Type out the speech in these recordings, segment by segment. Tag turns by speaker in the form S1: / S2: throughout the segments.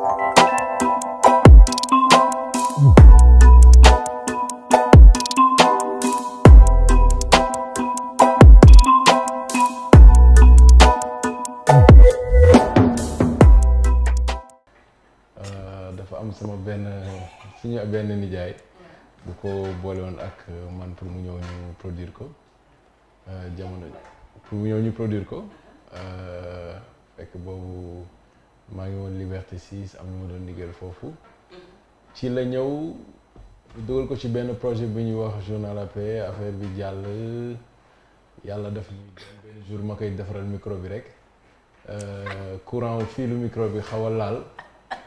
S1: Euh, dafa sama benn suñu benn nijaay bu ko boole ak man pour mu ñëw ñu produire ko euh, jamono pour mu ñëw ñu produire ko euh, fekk boobu maa ngi woon Liberté 6 am na ma doon liggéeyal foofu mm-hmm. ci la ñëw dugal ko ci benn projet bi ñuy wax journal à paix affaire bi jàll yàlla def ni jour ma koy defaral micro bi rek euh, courant fii lu micro bi xaw a laal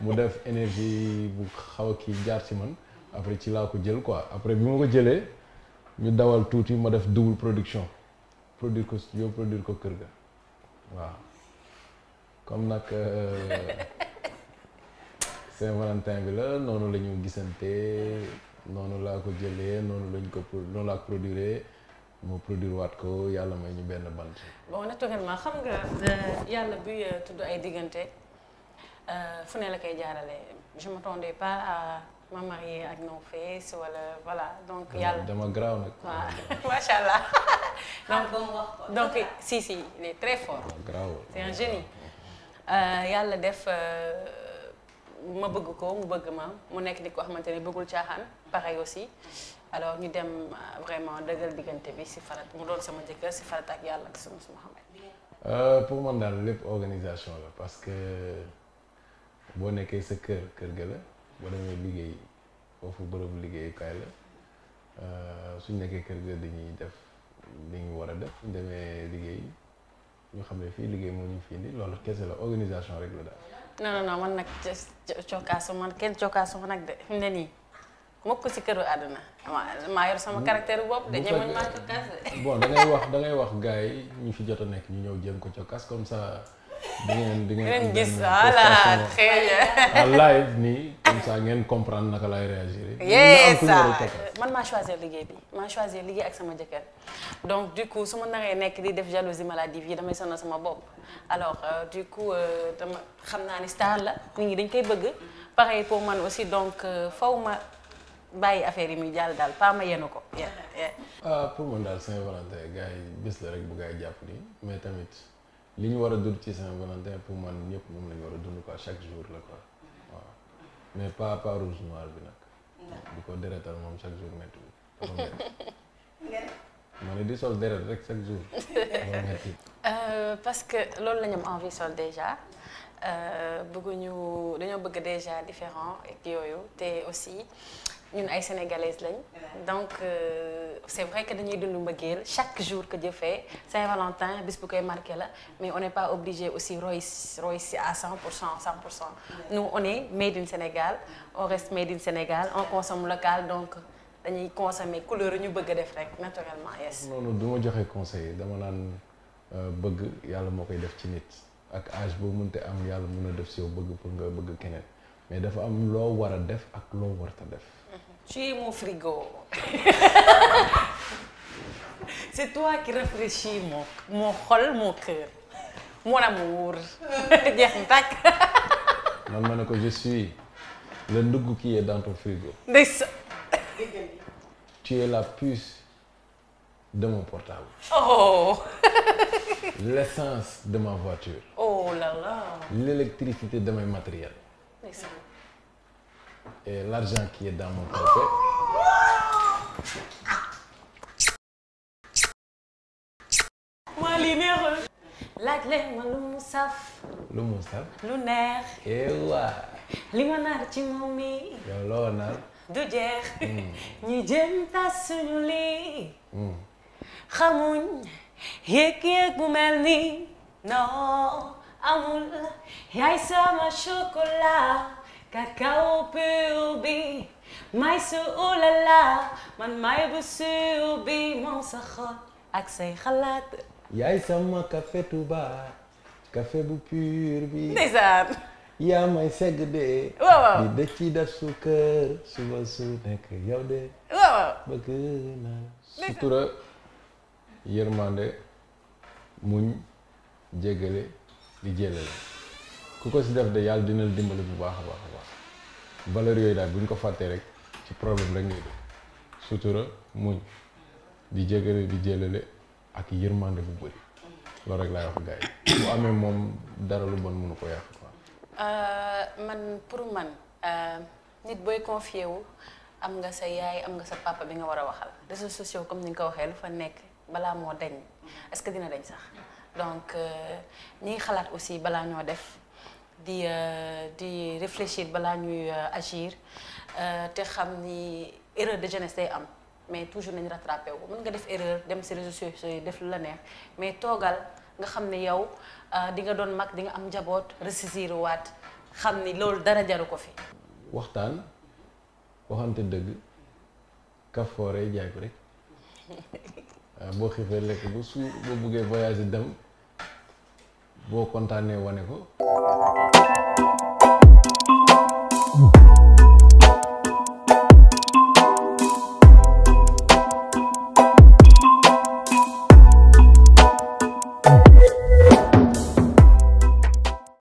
S1: mu def énergie bu xaw a kii jaar ci man après ci laa ko jël quoi après bi ma ko jëlee ñu dawal tuuti ma def double production produire ko studio produire ko kër ga waaw comme nag euh, Saint-Valentin bi la noonu la ñu gisante noonu laa ko jëlee noonu lañ ko noonu laa ko produire moo produire waat ko yàlla may ñu benn bant.
S2: bon naturellement xam nga euh, yàlla buy euh, tudd ay diggante fu ne la koy jaarale je m'attendais pas à ma marier ak non face wala donc. Ah, yàlla
S1: dama garaaw nag.
S2: waaw macha allah. donc donc si il est très fort. garaaw c'est un génie. Euh, yàlla def euh, ma bëgg ko mu bëgg ma mu nekk ni koo xamante ne bëggul caaxaan pareil aussi alors ñu dem euh, vraiment dëggal diggante bi si farat mu doon sama jëkkër si farat ak yàlla ak sama suma
S1: xam pour man daal lépp organisation la parce que boo nekkee sa kër kër ga la boo demee liggéey foofu bërëbu liggéeyukaay la suñ nekkee kër gi dañuy def li war a def demee liggéey ñu xam ne fii liggéey moo ñu fii indi loolu kese la organisation rek la daal.
S2: non non non man nag cokkaasu man kenn cokkaasu ma nag de fi ne nii ko si këru àdduna maa yor sama caractère bopp de ñemuñ maa cokkaas de. bon da
S1: wax da ngay wax gars ñu fi jot a nekk ñu ñëw jëm ko cokkaas comme ça. di ngeen di ngeen gis voilà très bien. en live nii comme ça ngeen comprendre naka laay réagir. yee saa man
S2: maa choisir liggéey bi maa choisir liggéey ak sama jëkkër. donc du coup su ma naree nekk di def jalousie maladive fii damay sonal sama bopp alors euh, du coup euh, dama xam naa ni star la nit ñi dañ koy bëgg pareil pour man aussi donc euh, faw ma bàyyi affaire yi muy jàll daal pas ma yenu ko.
S1: ah pour man daal Saint-Valentin gars yi bés la rek bu gars yi jàpp nii li ñu war a dund ci Saint-Valentin pour man ñëpp moom la ñu war a dund quoi chaque jour la ko waaw mais pas pas rouge noir bi nag. di ko deretal moom chaque jour métti ma ne di sol deret rek chaque jour.
S2: Euh, parce que loolu la ñu am envie sol déjà euh, bëgguñu dañoo bëgg déjà différent ak yooyu te aussi ñun ay sénégalaises lañ donc. Euh, c'est vrai que dañuy dund mbëggeel chaque jour que Dieu fait Saint-Valentin bis bu koy marqué la mais on n'est pas obligé aussi roy roy à 100 pour cent 100 pour cent nous on est made in Sénégal on reste made donc dañuy consommer couleur ñu bëgg def rek naturellement yes.
S1: noonu du ma joxe conseil dama naan euh, bëgg yàlla moo koy def ci nit ak âge boo mënte am yàlla mun a def si yow bëgg pour nga bëgg keneen mais dafa am loo war def ak loo warta def.
S2: Mhm. Tu es mon frigo. C'est toi qui rafraîchis mon mon mon cœur. Mon amour.
S1: ma ne ko je suis le ndugg ki est dans ton frigo. ndeysaan. tu la puce de mon portable.
S2: oh.
S1: l'essence de ma voiture.
S2: oh là là.
S1: l'électricité de mes matériels. et l'argent qui est dans mon poche.
S2: maa lii neexul. laaj mu lu mu lu neex.
S1: ewa.
S2: li ma nar ci moom mi. yow loo du jeex. ñi jëm tas suñu lii. xamuñ yéeg yéeg bu mel ni non amul yaay sama chocolat. Cacao pulbi, may su ulala, man may bu suubi mon sa xol ak say xalaat.
S1: yaay sama café Touba café bu pur bi. ndeysaan. yaa may segg de. di dëcc def suukar suba su nekk yow de. bëgg naa. sutura yërmande muñ jéggale di jëlale. ku ko si def de yàlla dina dimbali bu baax a baax a baax yooyu daal bu ñu ko fàttee rek ci problème rek ngay def sutura muñ di jégale di jélale ak yërmande bu bëri loolu rek laay wax gars yi bu amee moom dara lu bon mënu ko yàq quoi.
S2: Euh, man pour man euh, nit booy confié wu am nga sa yaay am nga sa papa bi nga war a waxal réseaux sociaux comme ni nga ko waxee lu fa nekk balaa moo dañ est-ce que dina dañ sax donc euh, ñi xalaat aussi balaa ñoo def. di euh, di réfléchir balaa ñuy euh, agir euh, te xam ni erreur de jeunesse day am mais toujours nañ rattrapé wu mën nga def erreur dem si réseaux yi def lu la neex mais toogal nga xam ne yow di nga doon mag di nga am njaboot ressaisir waat xam ni loolu dara jaru ko fi.
S1: waxtaan waxante dëgg kafoore jaay ko rek boo xiifee lekk ba suur boo buggee voyager dem boo kontaanee wane ko.